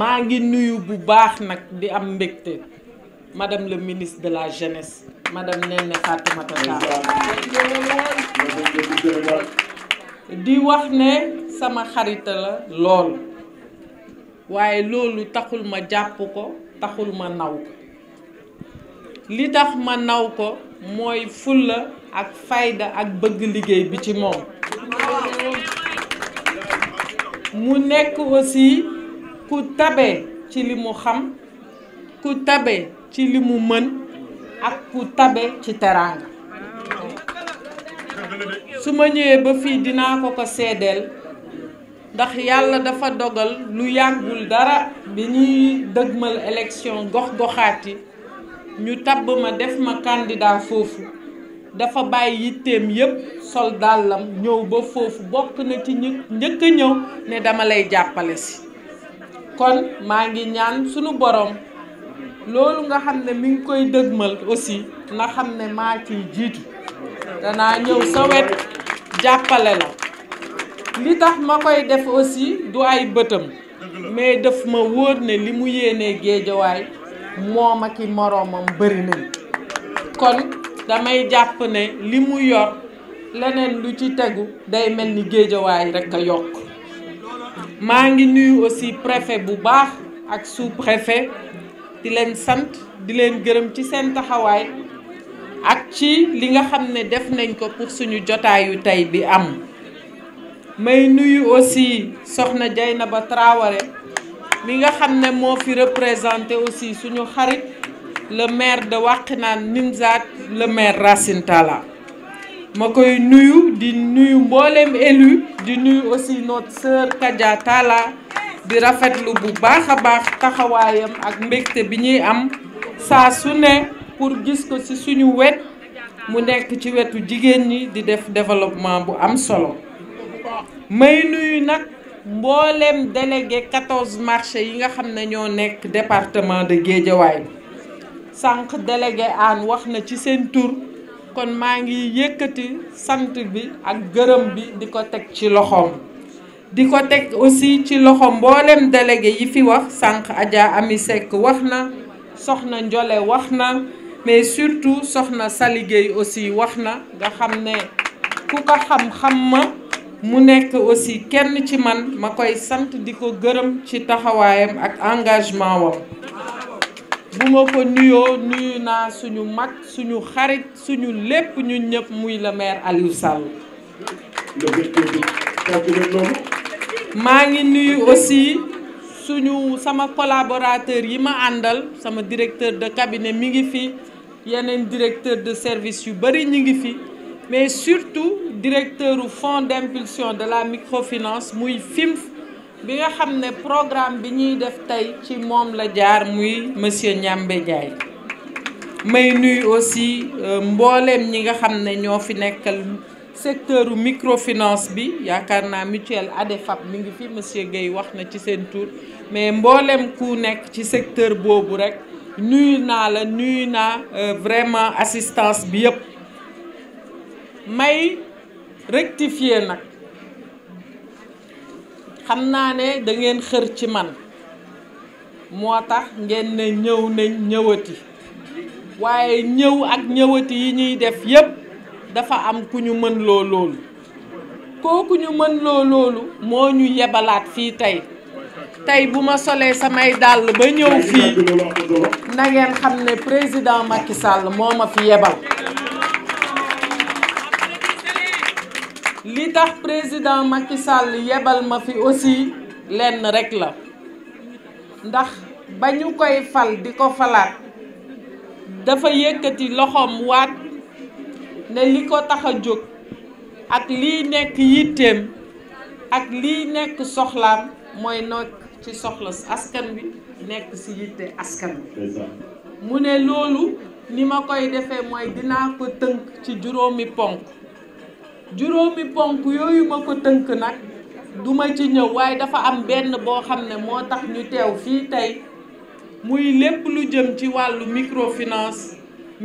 maa ngi nuyu bu baax nag di am mbégte madame le ministre de la jeunesse madame Néné Fatoumata Tall di wax ne sama xarit la lool waaye loolu taxul ma jàpp ko taxul ma naw li tax ma naw ko mooy fulla ak fayda ak bëgg liggéey bi ci moom mu nekk aussi ku tabe xam ku tabe ci li mu mën ak ku tabe ci teraanga su ma ñëwee ba fii dinaa ko ko seedeel ndax yàlla dafa dogal lu yàggul dara bi ñuy dëgmal élection gox-goxaati ñu tabb ma def ma candidat foofu dafa bàyyi yitteem yépp sol dàllam ñëw ba foofu bokk na ci njëkk a ne dama lay jàppale si kon maa ngi ñaan sunu borom loolu nga xam ne mi ngi koy dëgmal aussi na xam ne maa ciy jiitu danaa ñëw sa wet jàppale la li tax ma koy def aussi du ay bëtam mais daf ma wóor ne li mu yéenee géejawaay moom ak i moroomam bëri nañ kon damay jàpp ne li mu yor leneen lu ci tegu day mel ni géejawaay rek a yokk maa ngi nuyu aussi préfet bu baax ak sous di leen sant di leen gërëm ci seen taxawaay ak ci li nga xam ne def nañ ko pour suñu jotaayu tey bi am may nuyu aussi soxna na ba Traoré mi nga xam ne moo fi représenté aussi suñu xarit le maire de Wakhinane Nimzatt le maire Racine ma koy nuyu di nuyu mbooleem élu di nuyu aussi notre sœur Kadia di rafetlu bu baax a baax taxawaayam ak mbégte bi ñuy am saa su ne pour gis ko ci suñu wet mu nekk ci wetu jigéen ñi di def développement bu am solo may nuyu nag mbooleem délégué 14 yi nga xam ne ñoo nekk département de Guédiawaye sànq délégué aan wax na ci seen tur kon maa ngi yëkkati sant bi ak gërëm bi di ko teg ci loxoom di ko teg aussi ci loxo mboolem délégué yi fi wax sànq Adja Ami Seck wax na soxna Njole wax na mais surtout soxna Sali aussi wax na nga xam ne ku ko xam-xam ma mu nekk aussi kenn ci man ma koy sant di ko gërëm ci taxawaayam ak engagement wam bu ma ko nuyoo nuyu naa suñu mag suñu xarit suñu lépp ñu ñëpp muy le maire maa ngi nuyu aussi suñu sama collaborateur yi ma àndal sama directeur de cabinet mi ngi fi yeneen directeur de service yu bëri ñu ngi fi mais surtout directeur u fonds d'impulsion de la microfinance muy FIMF bi nga xam ne programme bi ñuy def tey ci moom la jaar muy monsieur Niambé Ndiaye may nuyu aussi euh, mbooleem ñi nga xam ne ñoo fi nekkal secteur microfinance bi yaakaar naa mutuelle ADEFAP mi ngi fi monsieur Guèye wax na ci seen tour mais mbooleem ku nekk ci secteur boobu rek nuyu naa la nuyu naa euh, vraiment assistance bi yëpp may rectifier nag xam naa ne dangeen xër ci man moo tax ngeen ne ñëw nañ ñëwati waaye ñëw ak ñëwati yi ñuy def yépp dafa am ku ñu mën loo loolu kooku ñu mën loo loolu moo ñu yebalaat fii tey tey bu ma solee samay dàll ba ñëw fii na xam ne président Macky moo ma fi yebal li tax président Macky Sall yebal ma fi aussi lenn rekk la ndax ba ñu koy fal di ko falaat dafa yëkkati loxoom waat ne li ko tax a jóg ak liy nekk yitteem ak liy nekk soxlaam mooy nekk ci soxla askan wi nekk ci yitte askan wi mu ne loolu ni ma koy defee mooy dinaa ko tënk ci juróomi ponk juróomi ponk yooyu ma ko tënk nag duma ci ñëw waaye dafa am benn boo xam ne moo tax ñu teew fii tey muy lépp lu jëm ci wàllu microfinance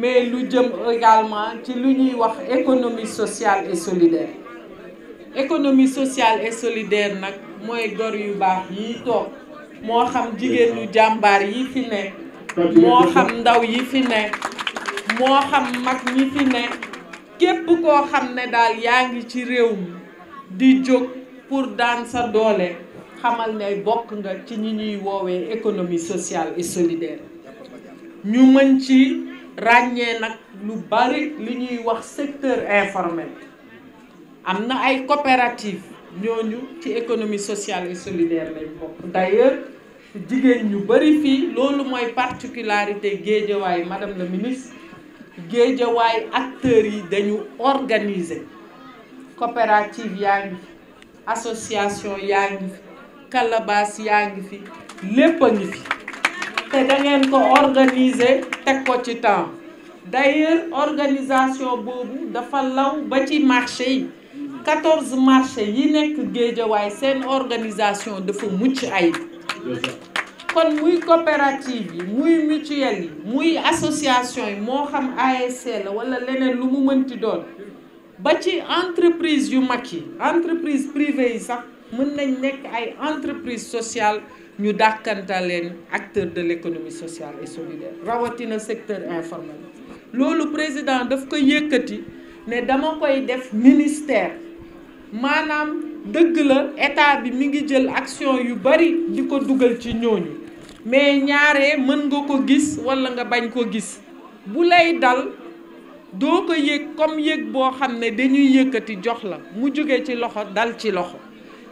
mais lu jëm également ci lu ñuy wax économie sociale et solidaire économie sociale et solidaire nag mooy gor yu baax yi toog moo xam jigéenu jàmbaar yi fi ne moo xam ndaw yi fi ne moo xam mag ñi fi ne képp koo xam ne daal yaa ngi ci réew mi di jóg pour daan sa doole xamal ne bokk nga ci ñi ñuy woowee économie sociale et solidaire ñu mën ci ràññee nag lu bari li ñuy wax secteur informel am na ay coopérative ñooñu ci économie sociale et solidaire lañ bokk d'ailleurs jigéen ñu bari fii loolu mooy particularité Guédiawaye madame la ministre géejawaay acteurs yi dañu organiser coopérative yaa ngi fi association yaa ngi fi calebasse yaa ngi fi lépp a ngi fi te da ngeen ko organiser teg ko ci temps d'ailleurs organisation boobu dafa law ba ci marché yi quatorze yi nekk géejawaay seen organisation dafa mucc ay kon muy coopérative yi muy mutuelle yi muy association yi moo xam ASC la wala leneen lu mu mënti doon ba ci entreprise yu mag yi entreprise privée yi sax mën nañ nekk ay entreprise sociale ñu dàkkantal leen acteur de l'économie sociale et solidaire rawatina secteur informel loolu président daf ko yëkkati ne dama koy def ministère maanaam dëgg la état bi mi ngi jël action yu bari di ko dugal ci ñooñu mais ñaare mën nga ko gis walla nga bañ koo gis bu lay dal doo ko yëg comme yëg boo xam ne dañuy yëkkati jox la mu jóge ci loxo dal ci loxo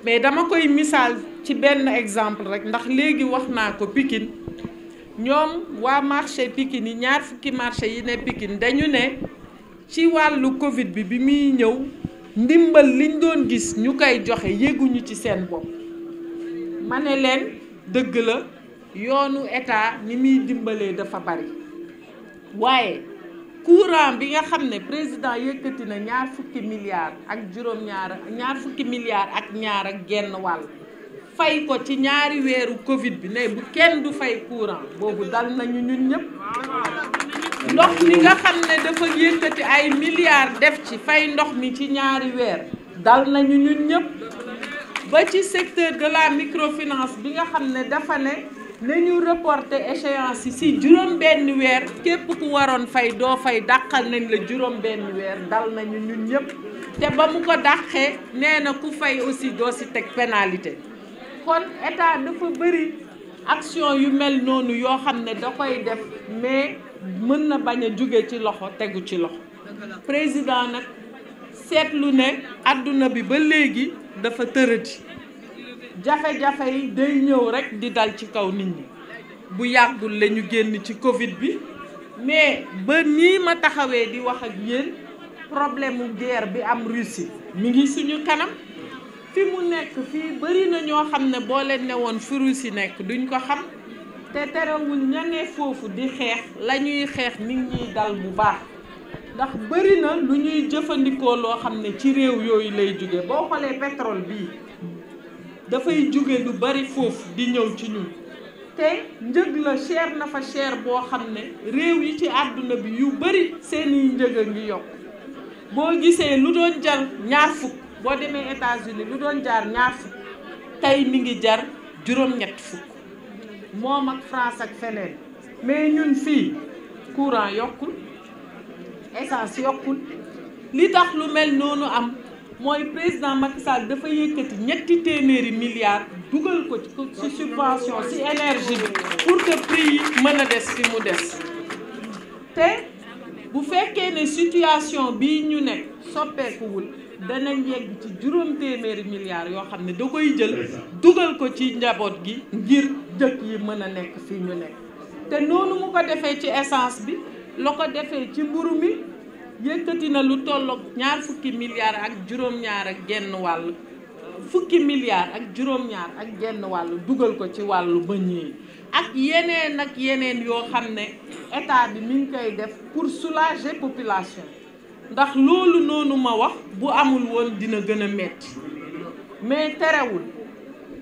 mais dama koy misaal ci benn exemple rek ndax léegi wax naa ko pikin ñoom waa marché pikin yi ñaar fukki marché yi ne Pikine dañu ne ci wàllu Covid bi bi muy ñëw ndimbal liñ doon gis ñu koy joxe yéguñu ci seen bopp ma ne leen dëgg la yoonu état ni muy dimbalee dafa bari waaye courant bi nga xam ne président yëkkati na ñaar fukki milliards ak juróom-ñaar fukki milliards ak ñaar ak genn wàll fay ko ci ñaari weeru Covid bi ne bu kenn du fay courant boobu dal nañu ñun ñëpp. ndox mi nga xam ne dafa yëkkati ay milliards def ci fay ndox mi ci ñaari weer dal nañu ñun ñëpp ba ci secteur de la microfinance bi nga xam ne dafa ne. nañu reporter échéance yi si juróom benn weer képp ku waroon fay doo fay daqal nañ la juróom benn weer dal nañu ñun ñëpp te ba mu ko dàqee nee na ku fay aussi doo si teg pénalité kon état dafa bëri action yu mel noonu yoo xam ne da koy def mais mën na bañ a jóge ci loxo tegu ci loxo président nag seetlu ne àdduna bi ba léegi dafa tërëti jafe-jafe yi day ñëw rek di dal ci kaw nit ñi bu yàggul lañu génn ci Covid bi mais ba nii ma taxawee di wax ak yéen problème mu guerre bi am Russie mu ngi suñu kanam fi mu nekk fii bëri na ñoo xam ne boo leen ne woon fi Russie nekk duñ ko xam te terewul ña foofu di xeex lañuy xeex mi ngi dal bu baax ndax bëri na lu ñuy jëfandikoo loo xam ne ci réew yooyu lay jóge boo xoolee pétrole bii dafay jóge lu bari foofu di ñëw ci ñun te njëg la cher na fa cher boo xam ne réew yi ci àdduna bi yu bari seeni njëg a ngi yokk boo gisee lu doon jar ñaar fukk boo demee états lu doon jaar ñaar fukk tey mi ngi jar juróom-ñett fukk moom ak France ak feneen mais ñun fii courant yokkul essence yokkul li tax lu mel noonu am mooy président Macky Sall dafa yëkkati ñetti téeméeri milliards dugal ko ci subvention ci énergie bi pour que prix yi mën a des fi mu des te bu fekkee ne situation bi ñu nekk soppeekuwul danañ yegg ci juróom téeméeri milliards yoo xam ne da koy jël dugal ko ci njaboot gi ngir jëkk yi mën a nekk fi ñu nekk te noonu mu ko defee ci essence bi la ko defee ci mburu mi yëkkati na lu tolloog ñaar fukki milliards ak juróom-ñaar ak genn wàll fukki milliards ak juróom-ñaar ak genn wàll dugal ko ci wàllu bëñ yi ak yeneen ak yeneen yoo xam ne état bi mu ngi koy def pour soulager population ndax loolu noonu ma wax bu amul woon dina gën a metti mais terewul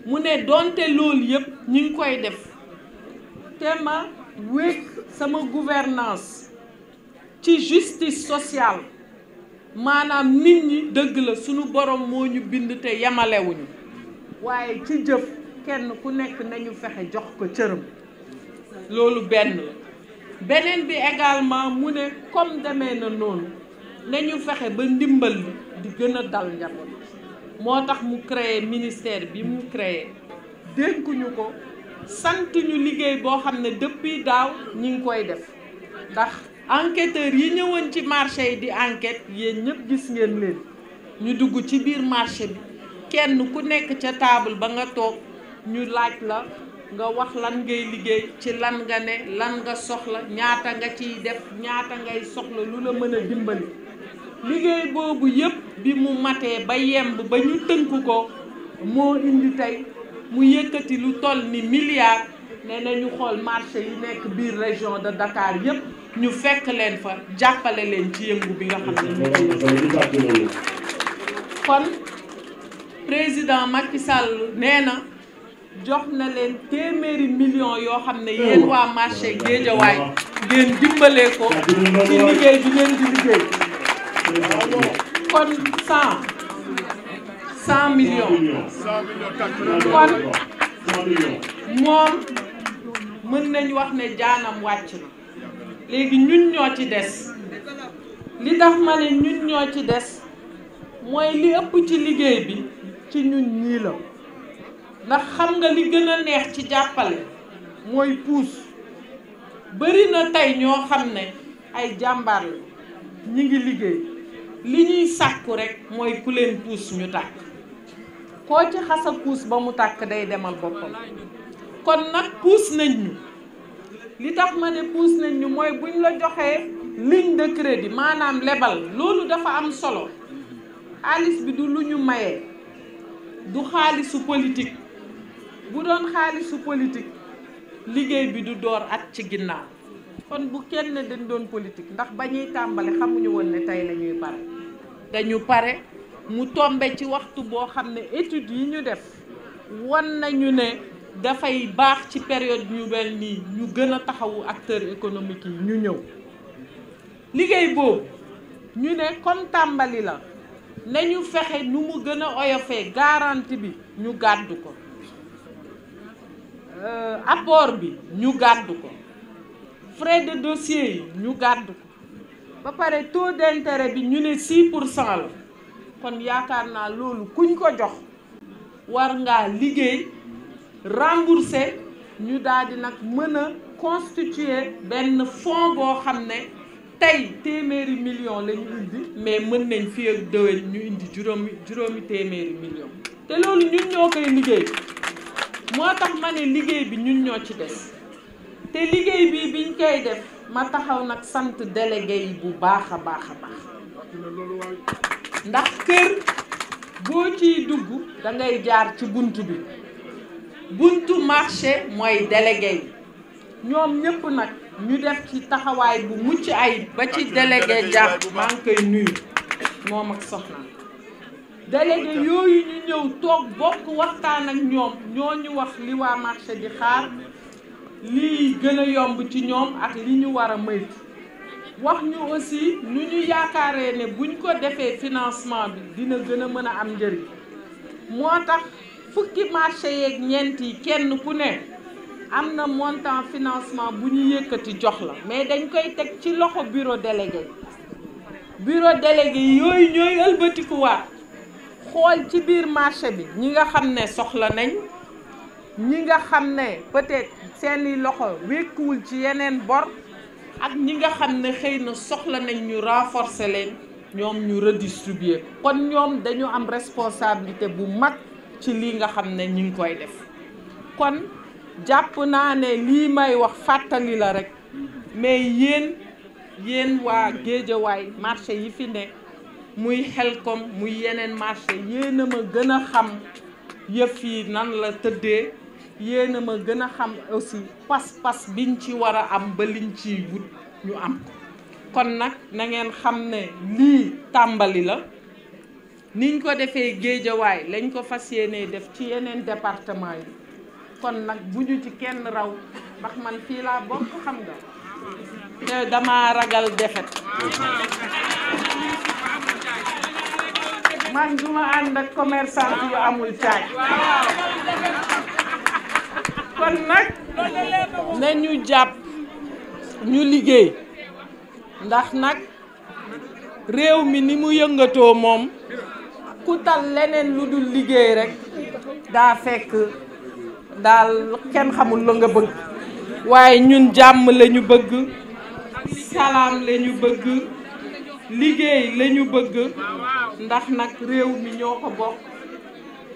mu ne donte loolu yëpp ñu ngi koy def te ma wékk sama gouvernance ci justice sociale maanaam nit ñi dëgg la sunu borom moo ñu bind te yemalewuñu waaye ci jëf kenn ku nekk nañu fexe jox ko cëram loolu benn la beneen bi egalement mu ne comme demee na noonu nañu fexe ba ndimbal bi di gëna a dal njaboot moo tax mu créé ministère bi mu créé dénkuñu ko sant ñu liggéey boo xam ne depuis daaw ñi ngi koy def ndax enquêteurs yi ñëwoon ci marché yi di enquête yéen ñëpp gis ngeen leen ñu dugg ci biir marché bi kenn ku nekk ca taabal ba nga toog ñu laaj la nga wax lan ngay liggéey ci lan nga ne lan nga soxla ñaata nga ciy def ñaata ngay soxla lu la mën a dimbali liggéey boobu yépp bi mu matee ba yemb ba ñu tënk ko moo indi tey mu yëkkati lu toll ni milliard ne nañu xool marché yi nekk biir région de dakaar yépp ñu fekk leen fa jàppale leen ci yëngu bi nga xam ne kon président Macky Sall nee na jox na leen téeméeri million yoo xam ne yéen waa marché Géejawaay ngeen dimbalee ko ci liggéey bi ngeen di liggéey kon cent cent millions kon moom mën nañ wax ne jaanam wàcc na léegi ñun ñoo ci des li tax ma ne ñun ñoo ci des mooy li ëpp ci liggéey bi ci ñun ñii la ndax xam nga li gën a neex ci jàppale mooy puus bëri na tey ñoo xam ne ay jàmbaar la ñi ngi liggéey li ñuy sàkku rek mooy ku leen puus ñu tàkk koo ci xasa puus ba mu tàkk day demal boppam kon nag puus nañ li tax ma ne puus nañ ñu mooy buñ la joxee ligne de crédit maanaam lebal loolu dafa am solo xaalis bi du lu ñu maye du xaalisu politique bu doon xaalisu politique liggéey bi du door at ci ginnaaw kon bu kenn dañ doon politique ndax ba ñuy tàmbali xamuñu woon ne tey lañuy ñuy dañu pare mu tombe ci waxtu boo xam ne études yi ñu def won nañu ne dafay baax ci période ñu wel nii ñu gën a taxawu acteur économiques yi ñu ñëw liggéey boobu ñu ne kon tàmbali la nañu fexe nu mu gën a oyofee garantie bi ñu gàddu ko euh, apport bi ñu gàddu ko frais de dossier yi ñu gàddu ko ba pare taux d'intérêt bi ñu ne 6 pour cent kon yaakaar naa loolu kuñ ko jox war ngaa liggéey remboursé ñu daal nag mën a constituer benn fonds boo xam ne tey téeméeri million lañu indi mais mën nañ fi ak déwén ñu indi juróomi juróomi téeméeri million te loolu ñun ñoo koy liggéey moo tax ma ne liggéey bi ñun ñoo ci des te liggéey bi biñ koy def ma taxaw nag sant délégué yi bu baax a baax a baax ndax kër boo ciy dugg dangay jaar ci bunt bi buntu marché mooy délégué yi ñoom ñëpp nag ñu def ci taxawaay bu mucc ayib ba ci délégué jàpp maa ngi koy nuyu moom ak soxna délégué yooyu ñu ñëw toog bokk waxtaan ak ñoom ñoo ñu wax li waa marché di xaar lii gën a yomb ci ñoom ak li ñu war a moytu wax ñu aussi nu ñu yaakaaree ne buñ ko defee financement bi dina gën a mën a am njëriñ moo tax fukki marché yeeg ñeent yi kenn ku ne am na montant financement bu ñu yëkkati jox la mais dañ koy teg ci loxo bureau délégué bureau délégué yooyu ñooy ëlbatikuwaat xool ci biir marché bi ñi nga xam ne soxla nañ ñi nga xam ne peut-être seeni loxo wékkuwul ci yeneen bor ak ñi nga xam ne xëy na soxla nañ ñu renforcer leen ñoom ñu redistribuer kon ñoom dañu am responsabilité bu mag ci lii nga xam ne ñu ngi koy def kon jàpp naa ne lii may wax fàttali la rek mais yéen yéen waa géejawaay marché yi fi ne muy xel xelkom muy yeneen marché yéen a ma gën a xam yëf yi nan la tëddee yéen a ma gën a xam aussi pas-pas biñ ci war a am ba liñ ciy wut ñu am ko kon nag na ngeen xam ne lii tàmbali la niñ ko defee géejawaay lañ ko fas yéenee def ci yeneen departement yi kon nag bu ñu ci kenn raw ndax man fii laa bokk xam nga te dama ragal defet man du ànd ak commerçant yu amul caaj kon nag na ñu jàpp ñu liggéey ndax nag réew mi ni mu yëngatoo moom ku tal leneen lu dul liggéey rek daa fekk daal kenn xamul la nga bëgg waaye ñun jàmm lañu bëgg salaam la ñu bëgg liggéey la bëgg ndax nag réew mi ñoo ko bokk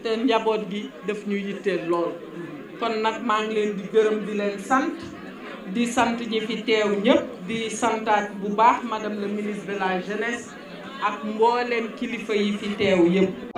te njaboot gi daf ñu yitteel lool kon nag maa ngi leen di gërëm di leen sant di sant ñi fi teew ñëpp di santaat bu baax madame le ministre de la jeunesse ak mboolem kilifa yi fi teew yëpp